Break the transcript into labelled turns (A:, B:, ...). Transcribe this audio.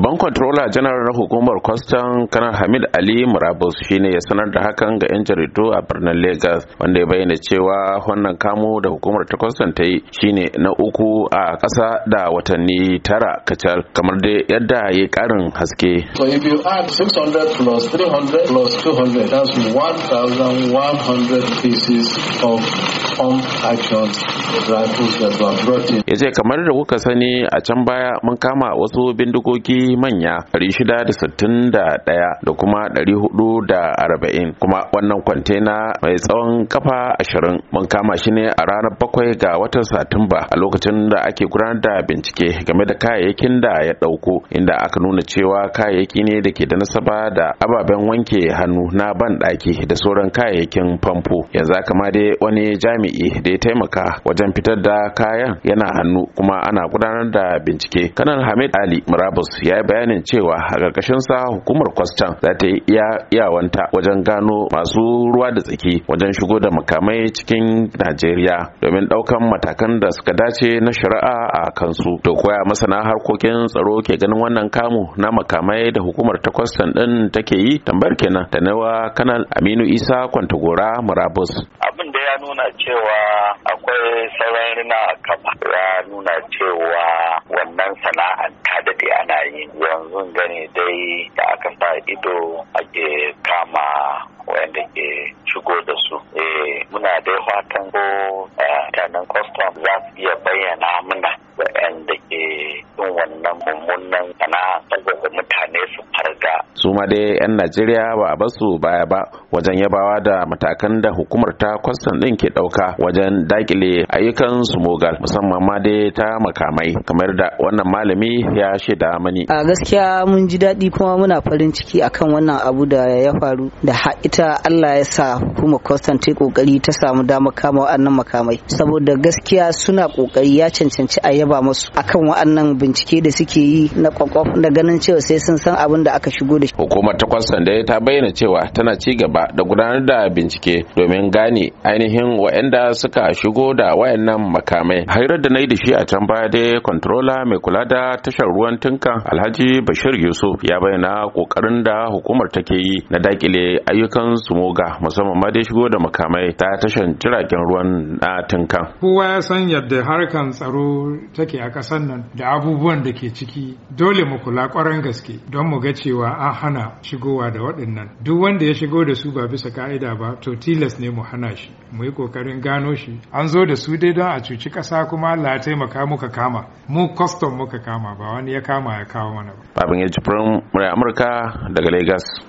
A: Babban Controller General na hukumar kwastan kanar Hamid Ali Murabus shine ya sanar da hakan ga 'yan jaridu a birnin Lagos wanda ya bayyana cewa wannan kamo da hukumar ta kwastan ta yi shine na uku a ƙasa da watanni tara kacal kamar dai yadda ya ƙarin haske.
B: So if you add 600 plus 300 plus 200 that's
A: 1,100 pieces of pump action rifles that were brought in. Ya ce kamar da kuka sani a can baya mun kama wasu bindigogi Manya manya 661 da kuma ɗari da arba'in kuma wannan kwantena mai tsawon kafa ashirin mun kama shi ne a ranar bakwai ga watan satumba a lokacin da ake gudanar da bincike game da kayayyakin da ya ɗauko, inda aka nuna cewa kayayyaki ne da ke da nasaba da ababen wanke hannu na ban daki da sauran kayayyakin famfo yanzu aka ma dai wani jami'i da ya taimaka wajen fitar da kayan yana hannu kuma ana gudanar da bincike kanan hamid ali murabus ya yi bayanin cewa a sa hukumar kwastam za ta yi iya iyawanta wajen gano masu ruwa da tsaki wajen shigo da makamai cikin najeriya domin ɗaukan matakan da suka dace na shari'a a kansu to koya masana harkokin tsaro ke ganin wannan kamu na makamai da hukumar ta kwastam ɗin take yi tambayar kenan da nawa kanal aminu isa kwantagora murabus
C: abin da ya nuna cewa akwai sauran rina a kafa ya nuna cewa wannan sana'ar yi yanzu gani dai da aka sa ido ake kama wayanda ke shigo da su eh muna dai fatan mummunan sana'a
A: saboda mutane su farga. su ma dai 'yan najeriya ba a basu baya ba wajen yabawa da matakan da hukumar ta kwastan ɗin ke ɗauka wajen dakile ayyukan su mogal musamman ma dai ta makamai kamar da wannan malami ya shaida mani.
B: a gaskiya mun ji daɗi kuma muna farin ciki akan wannan abu da ya faru da ita allah ya sa hukumar kwastan ta kokari ƙoƙari ta samu damar kama wa'annan makamai saboda gaskiya suna ƙoƙari ya cancanci a yaba musu akan wa'annan bincike da suke suke yi na kwakwaf da ganin cewa sai sun san abin da aka shigo da shi. Hukumar
A: ta kwastan da ta bayyana cewa tana ci gaba da gudanar da bincike domin gane ainihin wa'anda suka shigo da wayannan makamai. Hairar da na yi da shi a can baya dai kontrola mai kula da tashar ruwan tinka Alhaji Bashir Yusuf ya bayyana kokarin da hukumar take yi na dakile ayyukan sumoga musamman ma dai shigo da makamai ta tashar jiragen ruwan na tinka.
D: Kowa ya san yadda harkan tsaro take a ƙasar nan da abubuwan da ke ciki. ciki dole mu kula kwaran gaske don mu ga cewa an hana shigowa da waɗannan duk wanda ya shigo da su ba bisa ka'ida ba to tilas ne mu hana shi mu yi ƙoƙarin gano shi an zo da su dai don a cuci ƙasa kuma Allah ya taimaka muka kama mu kwastom muka kama ba wani ya kama ya kawo mana ba.
A: Babin ya Amurka daga Lagos.